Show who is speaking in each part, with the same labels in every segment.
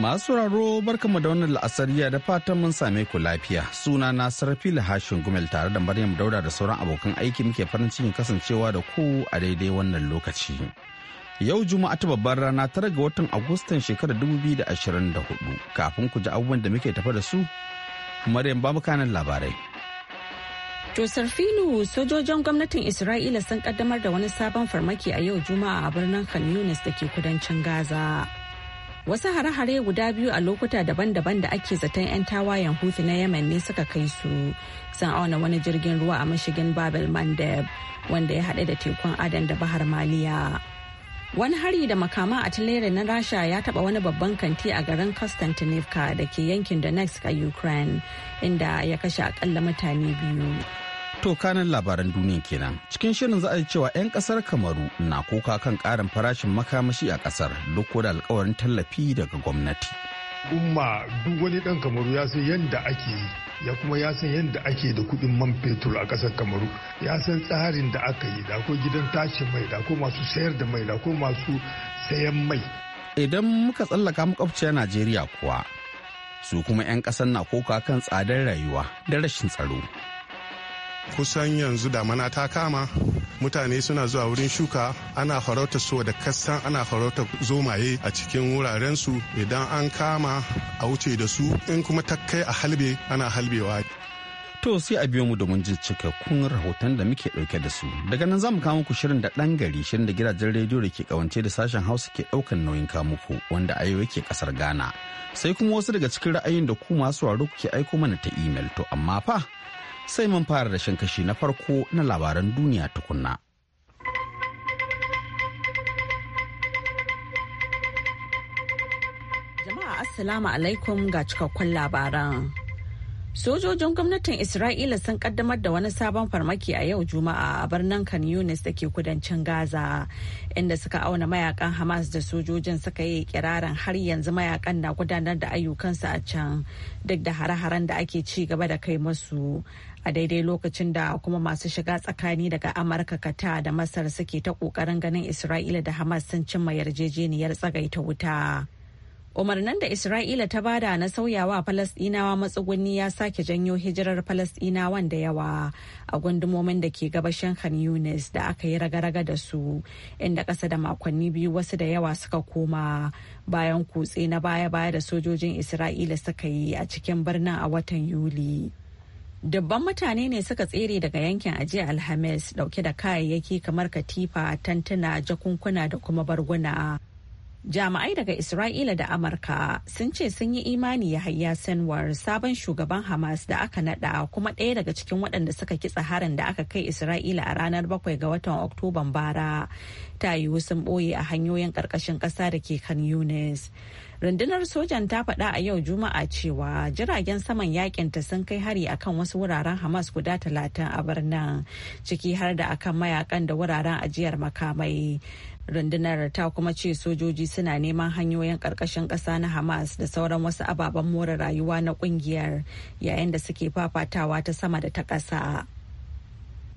Speaker 1: Masu sauraro barkamu da wannan la'asariya da fatan mun same ku lafiya. Suna na Sarfila Hashin Gumel tare da Maryam Dauda da sauran abokan aiki muke farin cikin kasancewa da ku a daidai wannan lokaci. Yau Juma'a ta babbar rana tara ga watan Agustan shekarar 2024 kafin ku ji abubuwan da muke tafa da su. Maryam ba kanan labarai.
Speaker 2: To Sarfilu sojojin gwamnatin Isra'ila sun kaddamar da wani sabon farmaki a yau Juma'a a birnin Khan Yunis da ke kudancin Gaza. wasu hare-hare guda biyu a lokuta daban-daban da ake zaton 'yan tawayen hutu na yemen ne suka kai su sun auna wani jirgin ruwa a mashigin babel mandeb wanda ya haɗe da tekun adan da bahar maliya wani hari da makama a tilere na rasha ya taɓa wani babban kanti a garin konstantinivka da ke yankin donetsk a ukraine inda ya kashe akalla mutane biyu
Speaker 1: To kanan labaran duniya kenan. Cikin shirin za a yi cewa 'yan kasar Kamaru na kuka kan karin farashin makamashi a kasar duk da alkawarin tallafi daga gwamnati.
Speaker 3: Umma duk wani dan Kamaru ya san yadda ake yi, ya kuma ya san yadda ake da kuɗin man fetur a kasar Kamaru, ya san tsarin da aka yi, da ko gidan tashin mai, da ko masu sayar da mai, da ko masu sayan mai. Idan muka tsallaka makwabciyar Najeriya
Speaker 1: kuwa, su kuma 'yan ƙasar na kuka kan tsadar rayuwa da rashin tsaro.
Speaker 4: kusan yanzu damana ta kama mutane suna zuwa wurin shuka ana farauta so da kasan ana farauta zomaye a cikin wurarensu idan an kama a wuce da su in kuma ta kai a halbe ana halbewa to sai a biyo mu
Speaker 1: domin jin cikakkun rahoton da muke dauke da su daga nan zamu mu kawo muku shirin da dan gari shirin da gidajen rediyo da ke kawance da sashen hausa ke daukan nauyin kamuku wanda ayo yake kasar ghana sai kuma wasu daga cikin ra'ayin da ku masu waro kuke aiko mana ta imel to amma fa sai mun fara da kashi na farko na labaran duniya tukunna.
Speaker 2: Jama'a Assalamu alaikum ga cikakkun labaran. Sojojin gwamnatin Isra'ila sun kaddamar da wani sabon farmaki a yau Juma'a a birnin Khan Yunis da ke kudancin Gaza, inda suka auna mayakan Hamas da sojojin suka yi kirarin har yanzu mayakan na gudanar da ayyukansu a can duk da hare-haren da ake ci gaba da kai masu. A daidai lokacin da kuma masu shiga tsakani daga Amurka, Kata da Masar suke ta ƙoƙarin ganin Isra'ila da Hamas sun cimma yarjejeniyar tsagaita wuta. umarnin da isra'ila ta bada na sauyawa Falasɗinawa matsuguni ya sake janyo hijirar falasdinawan da yawa a gundumomin da ke gabashin khan yunis da aka yi ragaraga da su inda ƙasa da makonni biyu wasu da yawa suka koma bayan kutse na baya-baya da sojojin isra'ila suka yi a cikin birnin a watan yuli dubban mutane ne suka tsere daga yankin ajiya alhamis dauke da kayayyaki kamar katifa tantuna jakunkuna da kuma barguna jami'ai daga isra'ila da amurka sun ce sun yi imani ya hayya sanwar sabon shugaban hamas da aka nada kuma ɗaya daga cikin waɗanda suka kitsa harin da aka kai isra'ila a ranar bakwai ga watan oktoban bara ta yiwu sun ɓoye a hanyoyin ƙarƙashin ƙasa da ke kan yunis rundunar sojan ta faɗa a yau juma'a cewa jiragen saman yakinta sun kai hari akan wasu wuraren hamas guda talatin a birnin ciki har da akan mayakan da wuraren ajiyar makamai rundunar ta kuma ce sojoji suna neman hanyoyin ƙarƙashin ƙasa na hamas da sauran wasu ababen more rayuwa na ƙungiyar yayin da suke fafatawa ta sama da ta ƙasa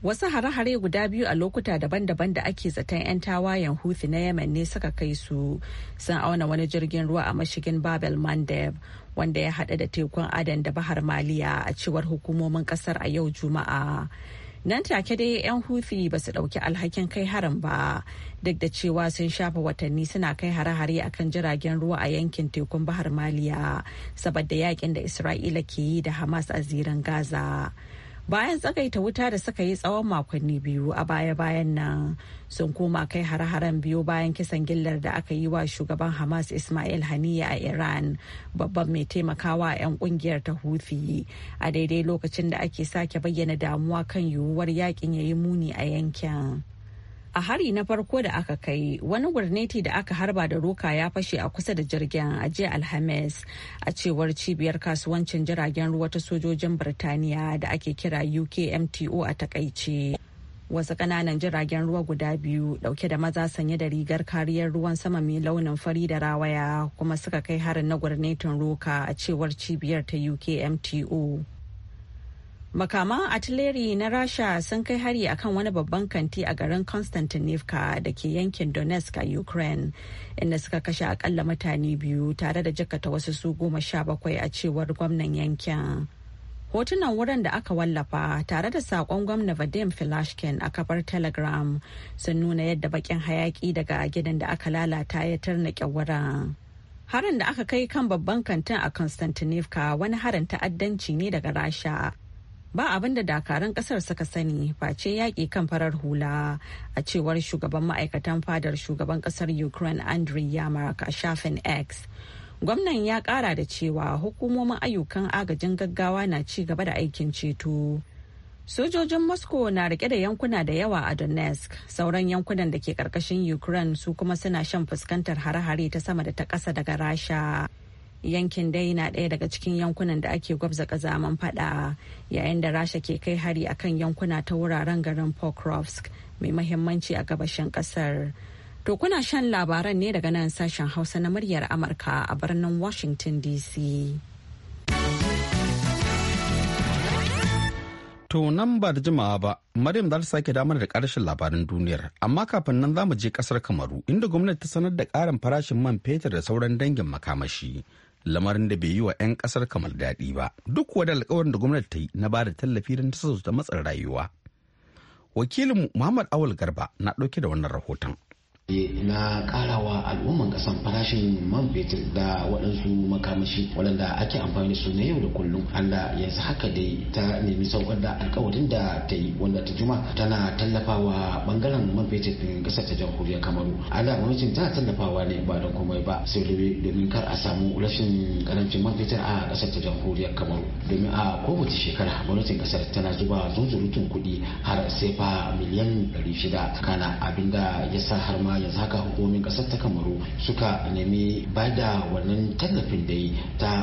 Speaker 2: Wasu hare-hare guda biyu a lokuta daban-daban da ake zaton 'yan tawayen huthi na Yemen ne suka kai su sun auna wani jirgin ruwa a mashigin Babel Mandeb wanda ya hada da tekun Adan da Bahar Maliya a cewar hukumomin kasar a yau Juma'a. Nan take dai 'yan huthi ba su dauki alhakin kai harin ba duk da cewa sun shafa watanni suna kai hare-hare akan jiragen ruwa a yankin tekun Bahar Maliya saboda yakin da Isra'ila ke yi da Hamas a zirin Gaza. bayan tsagaita wuta da suka yi tsawon makonni biyu a baya-bayan nan sun koma kai hare-haren biyu bayan kisan gillar da aka yi wa shugaban hamas ismail haniya a iran babban mai taimakawa a 'yan kungiyar ta huthi a daidai lokacin da ake sake bayyana damuwa kan yiwuwar yakin ya yi muni a yankin a hari na farko da aka kai wani gurneti da aka harba da roka ya fashe a kusa da jirgin a jiya alhamis a cewar cibiyar kasuwancin jiragen ruwa ta sojojin birtaniya da ake kira ukmto a takaice wasu kananan jiragen ruwa guda biyu dauke da maza sanye da rigar kariyar ruwan sama mai launin fari da rawaya kuma suka kai harin na gwarnetin roka a cewar cibiyar ta ukmto makaman atileri na rasha sun kai hari akan wani babban kanti a garin constantinivka da ke yankin donetsk a ukraine inda suka kashe akalla mutane biyu tare da jakata wasu su goma sha bakwai a cewar gwamnan yankin hotunan wurin da aka wallafa tare da sakon gwamna vadim filashkin a kafar telegram sun nuna yadda bakin hayaki daga gidan da aka lalata ya tarnake wurin harin da aka kai kan babban kantin a constantinivka wani harin ta'addanci ne daga rasha ba abin da dakaran kasar suka sani face yaƙi kan farar hula a cewar shugaban ma'aikatan fadar shugaban kasar ukraine andriy yamarak a shafin x gwamnan ya ƙara da cewa hukumomin ayyukan agajin gaggawa na ci gaba da aikin ceto sojojin moscow na rike da yankuna da yawa a donetsk sauran yankunan da ke karkashin ukraine su kuma suna shan fuskantar hare-hare ta sama da ta ƙasa daga rasha yankin dai na ɗaya daga cikin yankunan da ake gwabza kazaman fada yayin da rasha ke kai hari akan yankuna ta wuraren garin pokrovsk mai mahimmanci a gabashin kasar to kuna shan labaran ne daga nan sashen hausa na muryar amurka a birnin washington dc To nan
Speaker 1: ba da jimawa ba, Maryam za ta sake damar da karshen labarin duniyar, amma kafin nan za mu je kasar Kamaru, inda gwamnati ta sanar da ƙarin farashin man fetur da sauran dangin makamashi lamarin da bai yi wa 'yan kasar kamar daɗi ba duk wadda alkawarin da gwamnati ta yi na ba da tallafi don ta matsin rayuwa wakilin muhammad awal garba na ɗauke da wannan rahoton Eh, na karawa al'umman kasan farashin man fetur da waɗansu makamashi
Speaker 5: waɗanda ake amfani da su na yau da kullum anda yanzu haka dai ta nemi saukar da alkawarin da ta yi wanda ta juma tana tallafawa bangaren man fetur ɗin ƙasar ta jamhuriyar kamaru ala mamacin tana tallafawa ne ba don komai ba sai domin kar a samu rashin karancin man fetur a ƙasar ta jamhuriyar kamaru domin a kowace shekara gwamnatin ƙasar tana zuba zunzurutun kuɗi har sai fa miliyan shida. kana abinda ya sa har ma kuma yanzu haka hukumomin kasar ta kamaru suka nemi bada wannan tallafin da ta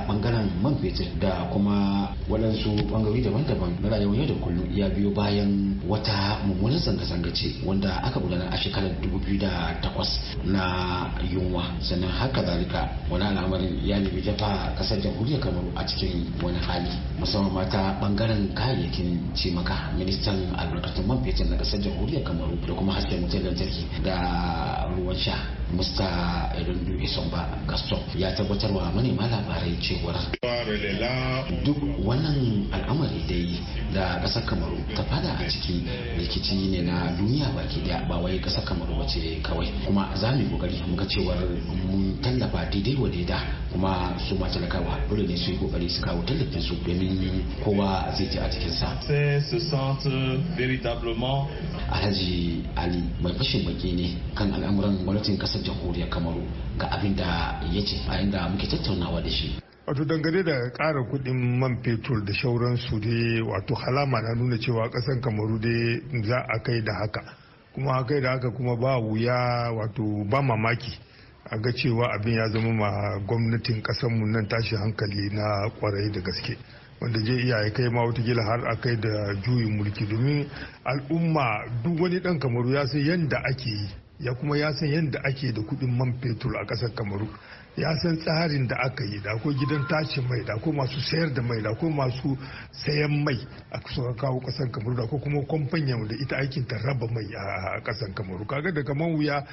Speaker 5: da kuma waɗansu bangarori daban-daban na rayuwar yau da kullum ya biyo bayan wata mummunan zanga-zanga ce wanda aka gudanar a shekarar 2008 na yunwa sannan haka zalika wani al'amarin ya nemi jafa kasar jamhuriyar kamaru a cikin wani hali musamman mata bangaren kayayyakin ce maka ministan albarkatun man fetur na kasar jamhuriyar kamaru da kuma hasken wutar lantarki da ruwan sha mista irindu isomba gaston ya tabbatar wa manema labarai cewar duk wannan al'amari dai da ƙasar kamaru ta fada a ciki rikici ne na duniya baki daya ba wai ƙasar kamaru ba ce kawai kuma za mu yi kokari mu ga cewar mun tallafa daidai wa daida kuma su ma talakawa dole ne su yi kokari su kawo tallafin su domin kowa zai ji a cikin sa alhaji ali mai fashin baki ne kan al'amuran gwamnatin ƙasar jamhuriyar kamaru ga abin da ya ce a inda muke tattaunawa da shi
Speaker 3: wato dangane da ƙara kuɗin man fetur da shauransu dai wato halama na nuna cewa ƙasan kamaru dai za a kai da haka kuma a kai da haka kuma ba wuya wato ba mamaki a ga cewa abin ya zama ma gwamnatin ƙasanmu nan tashi hankali na kwarai da gaske wanda zai iya ya kai ma wata gila har a kai da juyin mulki domin al'umma duk wani ɗan kamaru ya san yadda ake yi ya kuma ya san yadda ake da kuɗin man fetur a ƙasar kamaru ya san tsarin da aka yi da ko gidan tashin mai da ko masu sayar da mai da ko masu sayan mai a suka kawo kasan kamaru da ko kuma kwamfanya da ita aikin ta raba mai a kasan kamaru kaga daga kaman wuya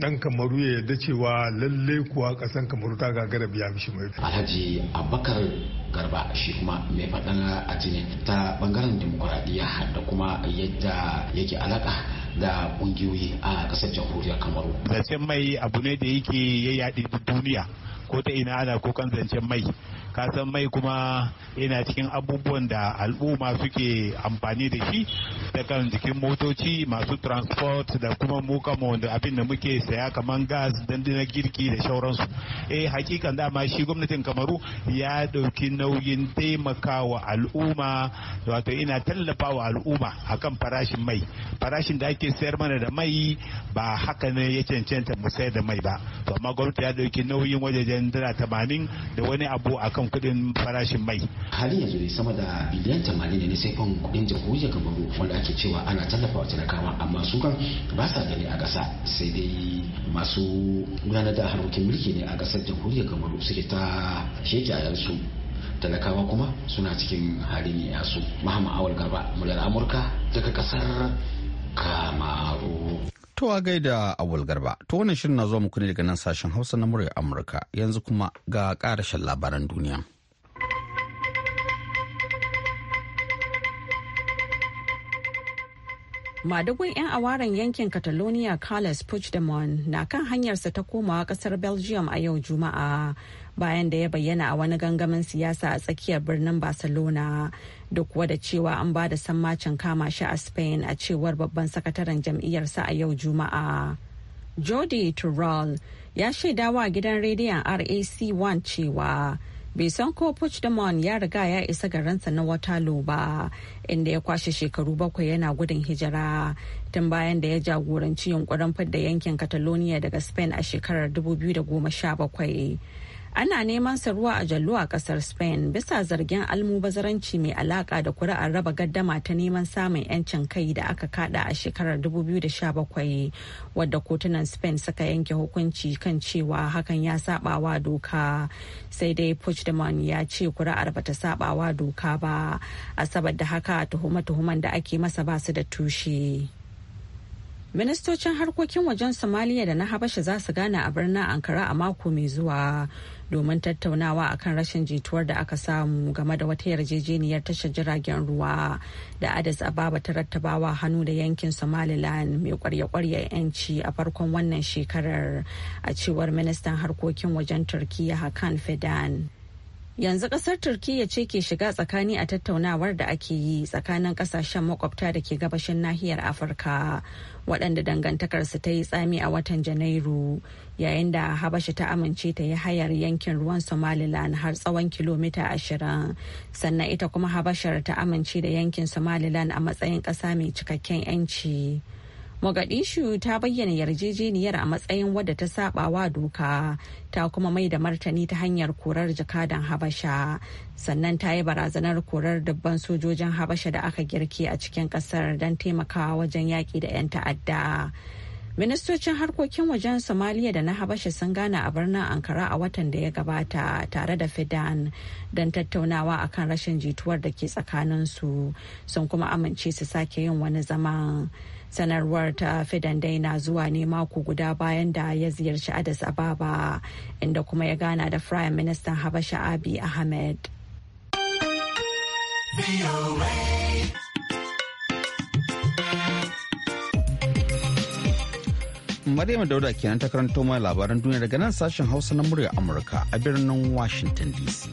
Speaker 3: dan eh, kamaru ya yarda cewa lalle kuwa kasan kamaru ta gagara biya mishi mai alhaji
Speaker 5: abubakar garba shi kuma mai faɗan a ta bangaren dimokuraɗiyya da kuma yadda yake alaƙa da kungiyoyi a kasar jamhuriyar kamaru zancen mai abu ne da yake ya yaɗi duniya ko ta ina ana kukan zancen mai
Speaker 6: ka san mai kuma yana cikin abubuwan da al'umma suke amfani da shi da kan jikin motoci masu transport da kuma mu abin da muke saya kamar gas dandanar girki da shauransu eh hakikan dama shi gwamnatin kamaru ya dauki nauyin taimakawa al'umma wato ina tallafawa al'umma akan farashin mai farashin da ake sayar mana da mai ba haka ne ya cancanta mu sayar da mai ba to amma gwamnati ya dauki nauyin wajajen dala tamanin da wani abu
Speaker 5: akan kan kuɗin farashin mai Hali yanzu ne sama da biliyan tamanin ne sai fan kuɗin jamhuriyar kamaru wanda ake cewa ana tallafa wa talakawa amma su kan ba sa gani a ƙasa sai dai masu gudanar da harkokin mulki ne a ƙasar jamhuriyar kamaru suke ta sheke a yansu talakawa kuma suna cikin halin su mahamman awal gaba muryar amurka daga ƙasar
Speaker 1: kamaru To a gaida Awul Garba, to wannan shirin na zuwa muku ne daga nan sashen Hausa na murya Amurka yanzu kuma ga ƙarashen labaran
Speaker 2: duniya. Madagun 'yan awaren yankin Catalonia Carles Puigdemont na kan hanyarsa ta komawa kasar Belgium a yau Juma'a bayan da ya bayyana a wani gangamin siyasa a tsakiyar birnin Barcelona duk wada cewa an ba da sammacin kama shi a spain a cewar babban sakataren jam'iyyarsa a yau juma'a jody turrell ya shaidawa gidan rediyon rac1 cewa bai san ko Puigdemont ya riga ya isa garinsa na Waterloo ba inda ya kwashe shekaru bakwai yana gudun hijira tun bayan da ya jagoranci yunkurin fidda yankin Catalonia daga Spain a shekarar 2017. ana neman sa ruwa a jallo a kasar spain bisa zargin almubazaranci mai alaka da kuri'ar raba gaddama ta neman samun 'yancin kai da aka kada a shekarar 2017 wadda kotunan spain suka yanke hukunci kan cewa hakan ya sabawa doka sai dai puigdemont ya ce kuri'ar bata sabawa doka ba a saboda haka tuhuma tuhuman da ake masa basu da tushe. ministocin harkokin wajen somaliya da na habasha za su gana a birnin ankara a mako mai zuwa domin tattaunawa akan rashin jituwar da aka samu game da wata yarjejeniyar tashar jiragen ruwa da adis ababa ta rattabawa hannu da yankin somaliland mai kwarya-kwarya 'yanci a farkon wannan shekarar a cewar ministan harkokin wajen turkiyya hakan fedan yanzu kasar turkiyya ce ke shiga tsakani a tattaunawar da ake yi tsakanin kasashen makwabta da ke gabashin nahiyar afirka waɗanda dangantakarsu ta yi tsami a watan janairu yayin da habasha ta amince ta yi hayar yankin ruwan somaliland har tsawon kilomita ashirin sannan ita kuma habashar ta amince da yankin somaliland a matsayin kasa mai cikakken 'yanci mogadishu ta bayyana yarjejeniyar a matsayin wadda ta wa doka ta kuma mai da martani ta hanyar korar jakadan habasha sannan ta yi barazanar korar dubban sojojin habasha da aka girke a cikin kasar don taimakawa wajen yaƙi da 'yan ta'adda ministocin harkokin wajen somaliya da na habasha sun gana a birnin ankara a watan da ya gabata tare da fidan don tattaunawa akan rashin jituwar da ke tsakaninsu sun kuma amince su sake yin wani zaman sanarwar ta fidan dai na zuwa ne mako guda bayan da ya ziyarci Adas ababa inda kuma ya gana da firayim ministan habasha abi ahmed
Speaker 1: Maryam Dauda kenan ta karanto mai labaran duniya daga nan sashen Hausa na murya Amurka a birnin Washington DC.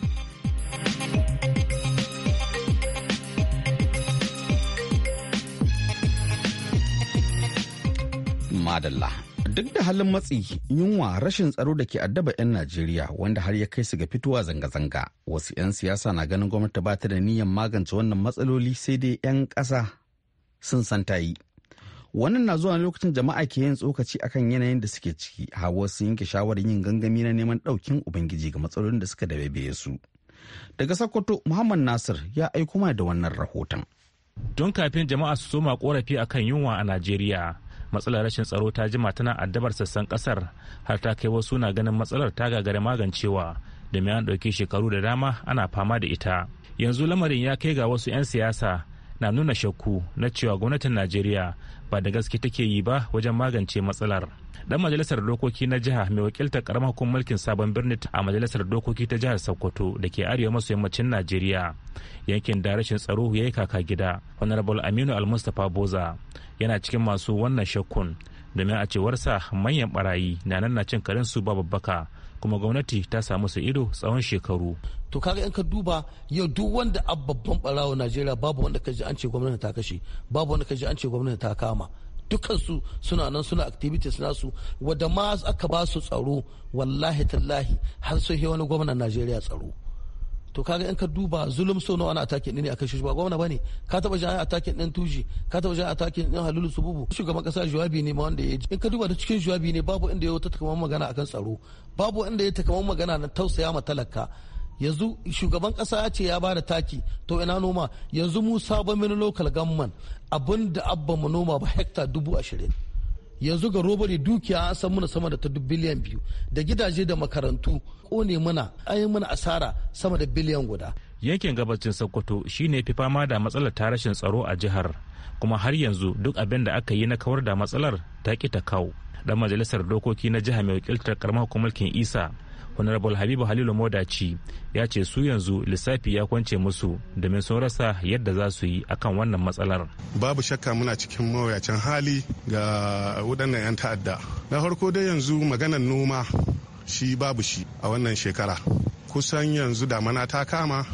Speaker 1: Madalla. Duk da halin matsi, yunwa rashin tsaro da ke addaba 'yan Najeriya wanda har ya kai su ga fitowa zanga-zanga. Wasu 'yan siyasa na ganin gwamnati ba ta da niyyar magance wannan matsaloli sai dai 'yan ƙasa sun san ta yi. wannan na zuwa lokacin jama'a ke yin tsokaci akan yanayin da suke ciki hawa sun yanke shawarar yin gangami na neman ɗaukin ubangiji ga matsalolin da suka dabebe su daga sokoto muhammad nasir ya aiko mana da wannan rahoton don kafin
Speaker 6: jama'a su soma korafi akan yunwa a najeriya matsalar rashin tsaro ta jima tana addabar sassan kasar har ta kai wasu na ganin matsalar ta gagara magancewa domin an ɗauki shekaru da dama ana fama da ita yanzu lamarin ya kai ga wasu 'yan siyasa na nuna shakku na cewa gwamnatin najeriya ba da gaske take yi ba wajen magance matsalar dan majalisar dokoki na jiha mai wakilta karamar hukumar mulkin sabon birni a majalisar dokoki ta jihar sokoto da ke arewa maso yammacin najeriya yankin da rashin tsaro ya yi kaka gida honorable aminu almustapha boza yana cikin masu wannan shakkun domin a cewarsa manyan barayi na nan na cin karin su ba babbaka kuma gwamnati ta samu su ido tsawon shekaru
Speaker 7: to kaga in ka duba yau duk wanda a babban barawo najeriya babu wanda kaji an ce gwamnati ta kashe babu wanda kaji an ce gwamnati ta kama dukkan su suna nan suna activities nasu wadda ma aka ba su tsaro wallahi tallahi har sun wani gwamnan najeriya tsaro to kaga in ka duba zulum sono nawa ana attacking din ne akan shi ba gwamna bane ka taba jin attacking din tuji ka taba jin attacking din halulu sububu shugaban kasa jawabi ne ma wanda ya in ka duba da cikin jawabi ne babu inda ya wata takamaiman magana akan tsaro babu inda ya takamaiman magana na tausaya ma talaka yanzu shugaban kasa ya ce ya ba da taki to ina noma yanzu mu sabon mini local government abin da abba mu noma ba hekta dubu ashirin yanzu ga robari dukiya an san muna sama da ta biliyan biyu da gidaje da makarantu kone mana an yi mana asara sama da biliyan guda
Speaker 6: yankin gabacin sokoto shine fi fama da matsalar ta rashin tsaro a jihar kuma har yanzu duk abin da aka yi na kawar da matsalar ta ki ta kawo dan majalisar dokoki na jiha mai wakiltar karamar hukumar isa honorable habibu halilu modaci ya ce su yanzu lissafi ya kwance musu domin sun rasa yadda za su yi akan wannan matsalar
Speaker 4: babu shakka muna cikin mawuyacin hali ga waɗannan 'yan ta'adda na farko dai yanzu maganar noma shi babu shi a wannan shekara kusan yanzu damana ta kama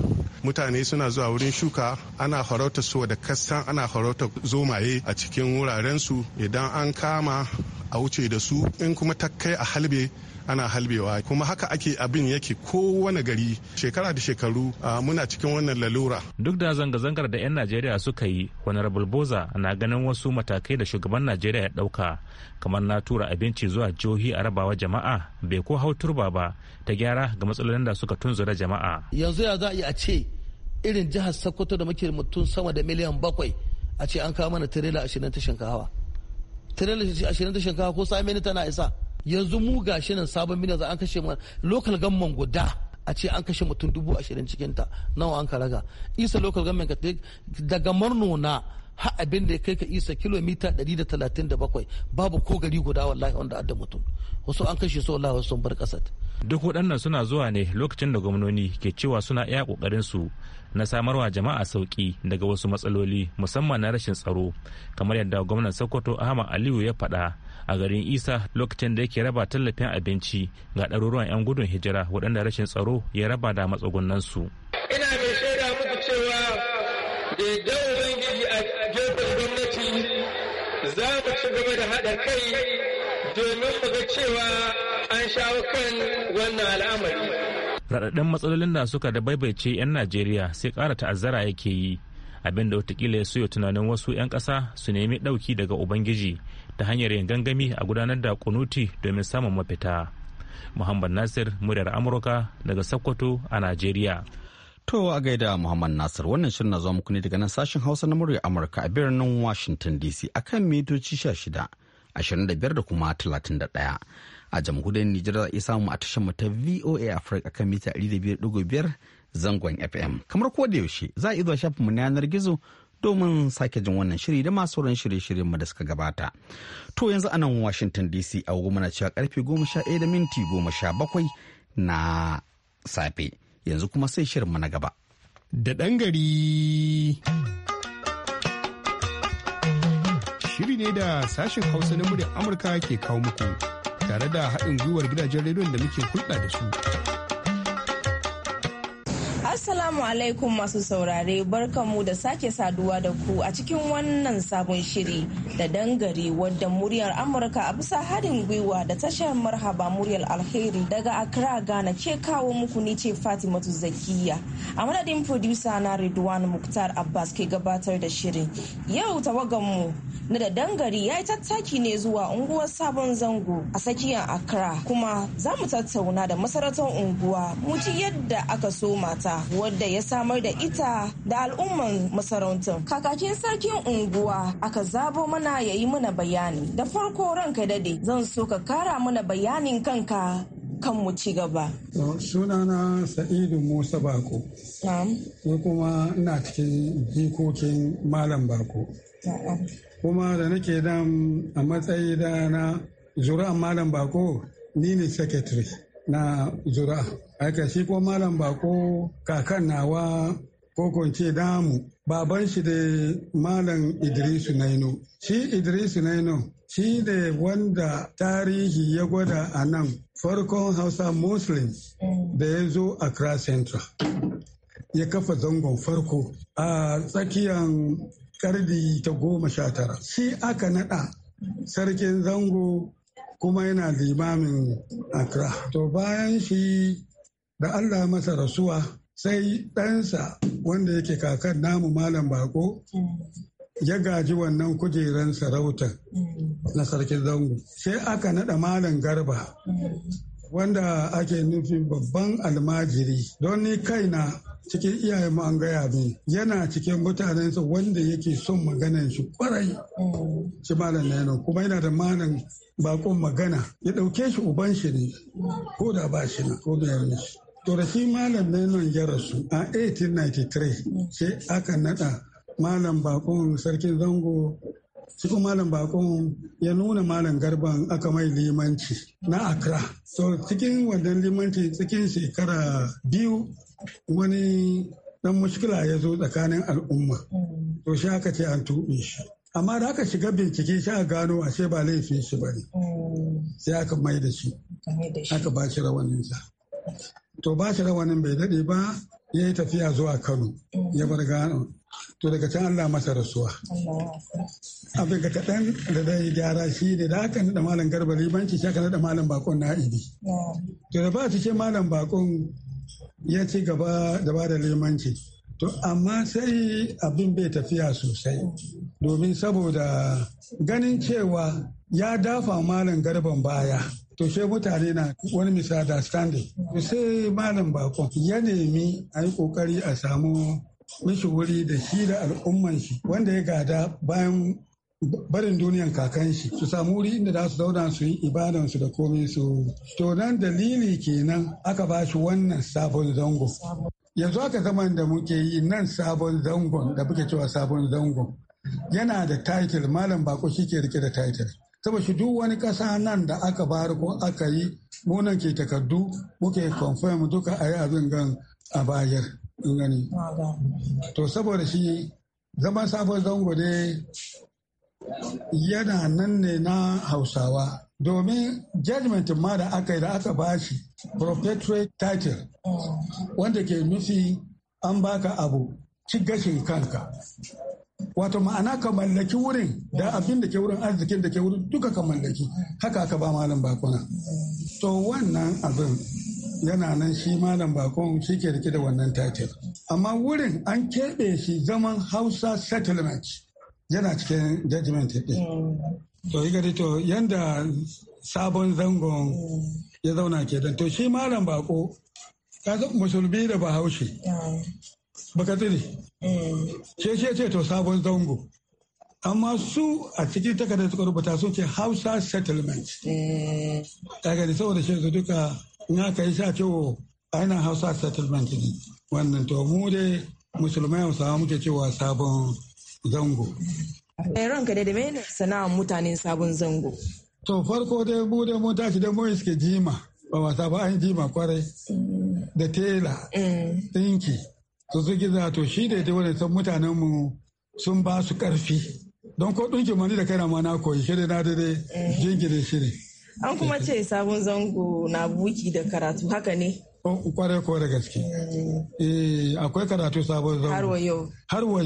Speaker 4: mutane suna zuwa wurin shuka ana farauta su da kasan ana farauta zomaye a cikin wurarensu idan an kama a wuce da su in kuma ta kai a halbe ana halbewa kuma haka ake abin yake kowane gari shekara da shekaru muna cikin wannan lalura
Speaker 6: duk da zanga-zangar da 'yan najeriya suka yi honorable boza na ganin wasu matakai da shugaban najeriya ya dauka kamar na tura abinci zuwa jihohi a rabawa jama'a bai ko hau turba ba ta gyara ga matsalolin da suka tunzura jama'a
Speaker 7: yanzu ya za a yi a ce irin jihar sokoto da muke mutum sama da miliyan bakwai a ce an kawo mana tirela ashirin ta shinkawa tirela ashirin ta shinkawa ko sami tana isa yanzu mu shi nan sabon miliyan za an kashe ma local gamman guda a ce an kashe mutum dubu ashirin cikinta nawa an karaga isa local gamman ka daga murno na ha abin da ya kai ka isa kilomita da 137 babu ko gari guda wallahi wanda adda mutum wasu an kashe su wallahi wasu sun bar kasa
Speaker 6: duk waɗannan suna zuwa ne lokacin da gwamnoni ke cewa suna iya ƙoƙarin su na samarwa jama'a sauki daga wasu matsaloli musamman na rashin tsaro kamar yadda gwamnan sokoto ahmad aliyu ya faɗa a garin isa lokacin da yake raba tallafin abinci ga ɗaruruwan 'yan gudun hijira waɗanda rashin tsaro ya raba da matsugunan su.
Speaker 4: ina mai shaida muku cewa da yadda ubangiji a gefen gwamnati za mu ci gaba da haɗa kai domin mu ga cewa an shawo kan wannan al'amari
Speaker 6: raɗaɗɗen matsalolin da suka da baibaice 'yan najeriya sai ƙara ta'azzara yake yi abinda da watakila ya soya tunanin wasu 'yan ƙasa su nemi ɗauki daga ubangiji da hanyar yin gangami a gudanar da kunuti domin samun mafita muhammad nasir muryar amurka daga sokoto a najeriya
Speaker 1: to a gaida muhammad nasir wannan shirin na zuwa muku daga nan sashen hausa na muryar amurka a birnin washington dc akan mitoci 16 ashirin da kuma 31 a jamhuriyar Nijar za a iya samu a tashar ta VOA Africa kan mita 200.5 zangon FM. Kamar ko da yaushe za a iya zuwa shafinmu na yanar gizo domin sake jin wannan shiri da masu ran shirye-shiryen mu da suka gabata. To yanzu a nan Washington DC a mana cewa karfe 11 da minti 17 na safe. Yanzu kuma sai shirin mu na gaba. Da ɗan gari.
Speaker 3: Shiri ne da sashen Hausa na muryar Amurka ke kawo muku tare da haɗin gwiwar gidajen rediyon da muke hulɗa da su.
Speaker 8: Assalamu alaikum masu saurare barkanmu da sake saduwa da ku a cikin wannan sabon shiri da dangare wadda muryar Amurka a bisa Hadin gwiwa da tashar marhaba muryar alheri daga Accra Ghana ke kawo muku ni ce Fatimatu Zakiya. A madadin producer na Ridwan Muktar Abbas ke gabatar da shiri. Yau tawaganmu na da dangare ya yi tattaki ne zuwa unguwar sabon zango a tsakiyar Accra kuma za mu tattauna da masarautar unguwa mu ji yadda aka so mata wadda ya samar da ita da al'umman masarautar. Kakakin sarkin unguwa aka zabo mana ya yi mana bayani. Da farko ranka dade zan so ka kara mana bayanin kanka kan mu ci gaba.
Speaker 4: Sunana Sa'idu Musa Bako. Ni kuma ina cikin jikokin Malam Bako. Kuma da nake dan a matsayi dana na Malam Bako ni ne secretary. na zura aika shi ko malam bako kakan nawa ko kwanci damu baban shi da malam idrisu naino shi idrisu naino shi ne wanda tarihi ya gwada a nan farkon hausa muslims da ya zo accra central ya kafa zangon farko a tsakiyar karni ta goma sha tara shi aka naɗa. sarkin zango kuma yana limamin Accra. To bayan shi da Allah masa rasuwa sai ɗansa wanda yake kakan namu Malam Bako ya gaji wannan kujeran sarauta
Speaker 8: mm.
Speaker 4: na sarkin zango. Sai aka naɗa Malam Garba mm. wanda ake nufin babban almajiri don ni kaina cikin iyaye mu an gaya min yana cikin mutanensa wanda yake son maganan shi kwarai mm. shi malam na kuma yana da malam bakon magana ya dauke shi uban shi ne ko da ba shi na ko da shi to da shi malam na ya rasu a 1893 mm. sai aka nada malam bakon sarkin zango cikin malam bakon ya nuna malam garban aka mai limanci na accra so cikin wannan limanci cikin shekara biyu wani dan mushkila ya zo tsakanin al'umma mm. to shi aka ce an tuɓe shi amma da aka shiga bincike shi aka gano ashe ba laifin shi ba ne mm. sai aka mai da shi aka ba shi sa to ba shi rawanin bai daɗe ba ya yi tafiya zuwa kano mm. ya bar gano to daga can Allah masa rasuwa abin ka kaɗan da dai gyara shi ne da aka naɗa malam garba ribanci shi aka naɗa malam bakon na'ibi to da ba su ce malam bakon ya ci gaba da ba da limanci to amma sai abin bai tafiya sosai domin saboda ganin cewa ya dafa malam garban baya to sai mutane na wani misada standing sai malam bakon ya nemi a yi kokari a samu mishi wuri da shi da al'umman shi wanda ya gada bayan barin duniyan kakan shi su samu wuri inda za su zauna su yi ibadan su da komai su to nan dalili kenan aka ba shi wannan sabon zango yanzu aka zaman da muke yi nan sabon zangon da muke cewa sabon zangon yana da title malam bako shi ke rike da title saboda shi duk wani kasa nan da aka bari ko aka yi munan ke takardu muke confirm duka a yi abin gan a bayar gani to saboda shi zaman sabon zango dai yana nan ne na hausawa domin judgment ma da aka yi da aka bashi shi title wanda ke nufi an baka abu ci gashin kanka wato ma'ana ka mallaki wurin da abin da ke wurin arzikin da ke wurin duka ka mallaki haka aka ba malam bakona to wannan abin yana nan shi malam bakon shi ke rike da wannan title amma wurin an keɓe shi zaman hausa settlement yana cikin judgment ɗin. Mm. To yi gari to yanda sabon zangon ya zauna ke dan to shi malam bako ka musulmi da bahaushe mm. baka tsiri. Ce mm. ce ce to sabon zango. Amma su a cikin takardar suka rubuta sun ce Hausa settlement. Ta gani saboda shi su duka na aka yi sha cewa ainihin Hausa settlement ne. Wannan to mu dai musulmai hausawa muke cewa sabon zango.
Speaker 8: Eh, ranka da mene sana'a mutanen sabon zango. To farko dai bude mun tashi
Speaker 4: da mun iske jima ba wasa ba an jima kwarai da tela mm. dinki su su giza to shi da ita wani san mutanen mu sun ba su karfi don ko ɗinki mani da kaina ma na koyi shirin na dai eh. jinki da shirin.
Speaker 8: An kuma ce sabon zango na buki da karatu haka ne. Oh, kwarai ko gaske.
Speaker 4: Eh, akwai karatu sabon zaune. Har wa yau. Har wa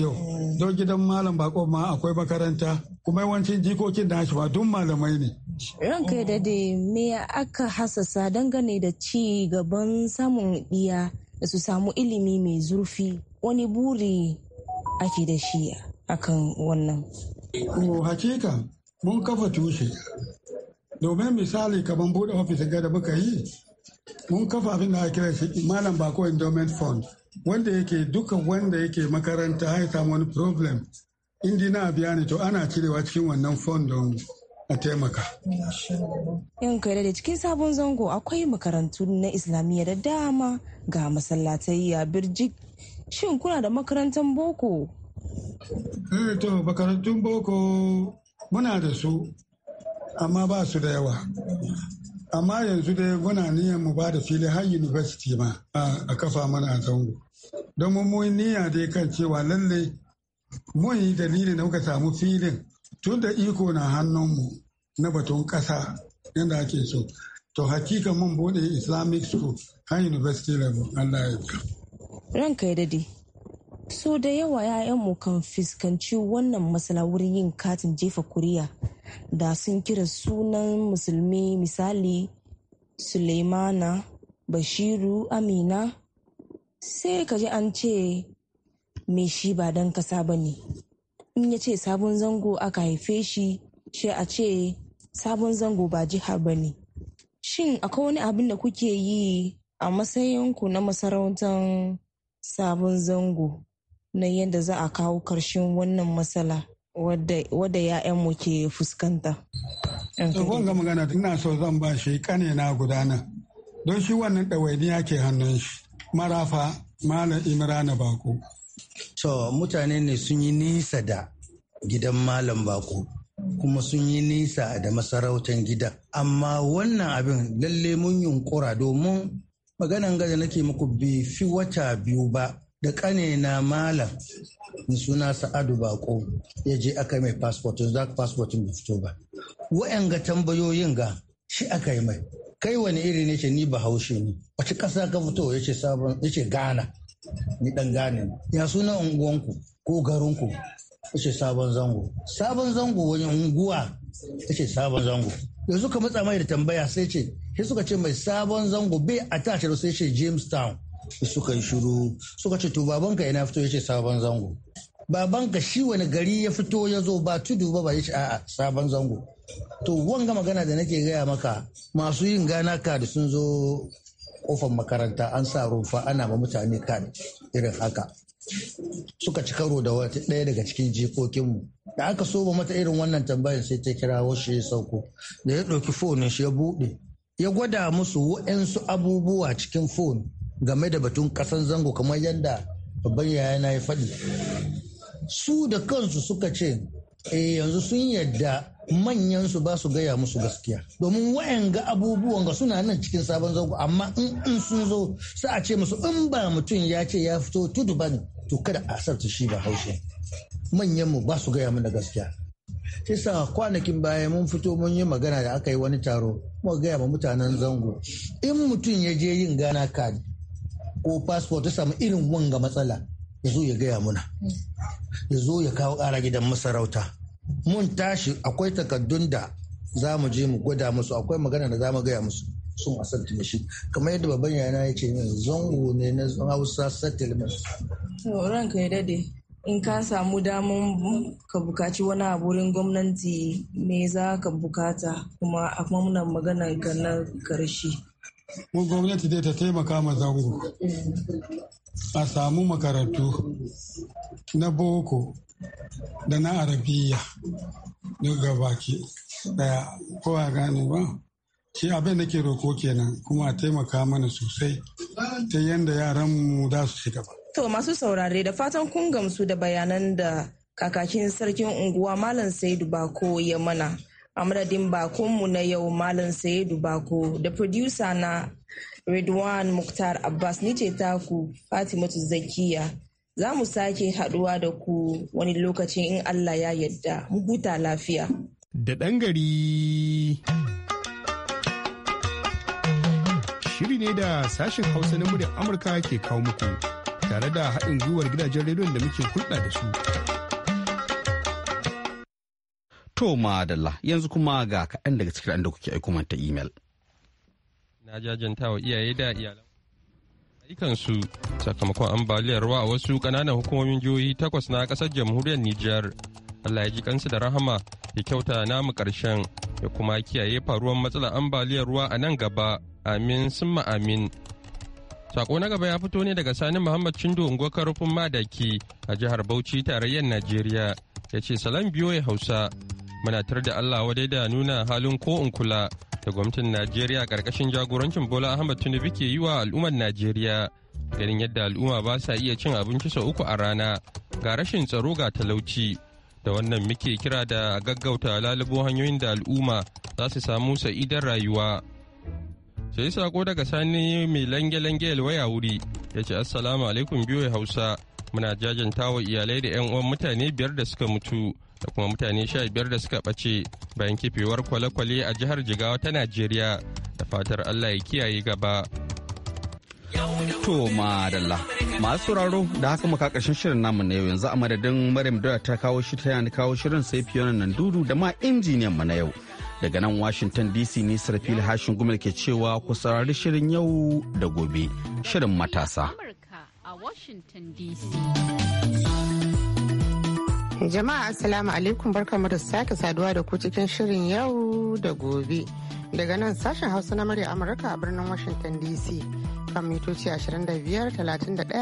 Speaker 4: Don gidan malam bako ma akwai makaranta kuma yawancin jikokin da ma duk malamai ne.
Speaker 8: Ranka da dai me aka hasasa dangane da ci gaban samun ɗiya da su samu ilimi mai zurfi wani buri ake da shi akan wannan.
Speaker 4: hakika mun kafa tushe domin misali kaman buɗe ofis ga muka yi mun kafa abin da kira malam bako endowment fund wanda yake dukkan wanda yake makaranta ya samu wani problem indi na biya ne to ana cirewa cikin wannan fund don a taimaka.
Speaker 8: In kai da cikin sabon zango akwai makarantu na islamiyya da dama ga masallatai a birjik shin kuna da makarantar boko?
Speaker 4: Eh, to makarantun boko muna da su amma ba su da yawa amma yanzu dai muna niyan mu ba da fili har university ma a kafa mana a zango don mun niyya dai kan cewa lallai mun yi dalili da muka samu filin tun da iko na hannunmu na batun ƙasa yadda ake so to hakika mun bude islamic school har university level allah ya
Speaker 8: ranka ya dade so da yawa 'ya'yanmu kan fuskanci wannan matsala wurin yin katin jefa kuriya da sun kira sunan musulmi misali suleimana bashiru amina sai ka ji an ce me shi ba dan kasa ba ne in ya ce sabon zango aka haife shi shi a ce sabon zango ba jiha ba ne shin akwai wani abin da kuke yi a matsayinku na masarautar sabon zango na yadda za a kawo ƙarshen wannan matsala wadda ‘ya'yanmu ke fuskanta.
Speaker 4: Tsohon ga magana ina so zan ba shi kane na gudana don shi wannan ɗawainiya ke hannun shi marafa malam imrana bako. To mutane ne sun yi nisa da gidan
Speaker 9: malam bako kuma sun yi nisa da masarautar gida amma wannan abin lalle mun yunkura domin maganan gada nake muku bi fi wata biyu ba da kane na malam mai suna sa'adu bako ya je aka mai passport Za ka passport bai fito ba wa'yan ga tambayoyin ga shi aka yi mai kai wani iri ne ce ni bahaushe ne wace ƙasa ka fito ya ce sabon ya ce ghana ni dan gane ya suna unguwanku ko garinku ya ce sabon zango sabon zango wani unguwa ya ce sabon zango yanzu ka matsa mai da tambaya sai ce sai suka ce mai sabon zango bai a tashar sai ce jamestown suka yi shiru suka ce to babanka ina fito ya ce sabon zango babanka shi wani gari ya fito ya zo ba tudu ba ba ya ce a'a sabon zango to wanga magana da nake gaya maka masu yin gana ka da sun zo kofar makaranta an sa rufa ana ma mutane kan irin haka suka ci karo da wata ɗaya daga cikin jikokinmu da aka so ba mata irin wannan tambayar sai ta kira washe ya sauko da ya ɗauki fonin shi ya buɗe ya gwada musu wa'yansu abubuwa cikin fon game da batun kasan zango kamar yadda babban yayana ya faɗi su da kansu suka ce e yanzu sun yadda manyan su ba su gaya musu gaskiya domin wayan ga abubuwan ga suna nan cikin sabon zango amma in sun zo sai a ce musu in ba mutum ya ce ya fito tudu ba ne to kada a asarta shi ba haushe manyan mu ba su gaya mana gaskiya sai sa kwanakin baya mun fito mun yi magana da aka yi wani taro muka gaya ma mutanen zango in mutum ya je yin gana kadi ko fasfo ta samu irin wanga matsala ya zo ya gaya muna ya zo ya kawo ƙara gidan masarauta mun tashi akwai takardun da za mu je mu gwada musu akwai magana da za mu gaya musu sun asabta da shi kamar yadda babban yana ya ce zango ne na hausa settlement
Speaker 8: ranka ya dade in ka samu daman ka bukaci wani wurin gwamnati me za ka bukata kuma a kuma muna ka na karshe mu gwamnati dai ta taimaka ma zango
Speaker 4: a samu makarantu na boko da na arabiya duk baki daya kowa gane ba shi abin da ke roko kenan kuma a taimaka mana sosai ta yadda yaran mu za su shiga
Speaker 8: ba. To masu saurare da fatan kun gamsu da bayanan da kakakin sarkin unguwa Malam Saidu Bako ya mana a madadin bakonmu na yau malam sayidu bako da producer na redwan muktar abbas ni ce taku fatimatu zakiya za mu sake haduwa da ku wani lokacin in allah ya yadda mu huta lafiya
Speaker 3: da ɗan gari shiri ne da sashen hausa na muryar amurka ke kawo muku tare da haɗin gwiwar gidajen rediyon da muke hulɗa da su
Speaker 1: To madalla yanzu kuma ga kaɗan daga cikin da kuke aiko ta imel.
Speaker 10: Na jajanta wa iyaye da iyalan ayyukansu sakamakon ambaliyar ruwa a wasu ƙananan hukumomin jihohi takwas na ƙasar jamhuriyar Nijar. Allah ya ji kansu da rahama ya kyauta namu ƙarshen ya kuma kiyaye faruwar matsalar ambaliyar ruwa a nan gaba. Amin summa amin. Sako na gaba ya fito ne daga Sani Muhammad Chindo unguwar karfin madaki a jihar Bauchi tarayyar Najeriya. Ya ce salam biyo ya hausa muna tar da Allah wadai da nuna halin ko in kula da gwamnatin Najeriya karkashin jagorancin Bola Ahmed Tinubu ke yi wa al'ummar Najeriya ganin yadda al'umma ba sa iya cin abinci sau uku a rana ga rashin tsaro ga talauci da wannan muke kira da gaggauta lalubo hanyoyin da al'umma za su samu sa'idar rayuwa sai sako daga sani mai lange-lange waya wuri ya ce assalamu alaikum biyu hausa muna jajanta wa iyalai da 'yan uwan mutane biyar da suka mutu da kuma mutane sha biyar da suka ɓace bayan kifewar kwale-kwale a jihar jigawa ta najeriya da fatar allah ya kiyaye gaba
Speaker 1: To madalla masu sauraro da haka muka karshen shirin namu na yau yanzu a madadin Maryam Doya ta kawo shi ta yana kawo shirin sai Fiona nan dudu da ma injiniyan mu na yau. Daga nan Washington DC ne Sarfil Hashin Gumel ke cewa ku saurari shirin yau da gobe shirin matasa. Washington
Speaker 2: DC. Jama'a Assalamu alaikum barkamu da sake saduwa da ku cikin shirin yau da gobe. Daga nan sashen Hausa
Speaker 9: na murya Amurka a birnin Washington DC kan mitoci 25, 31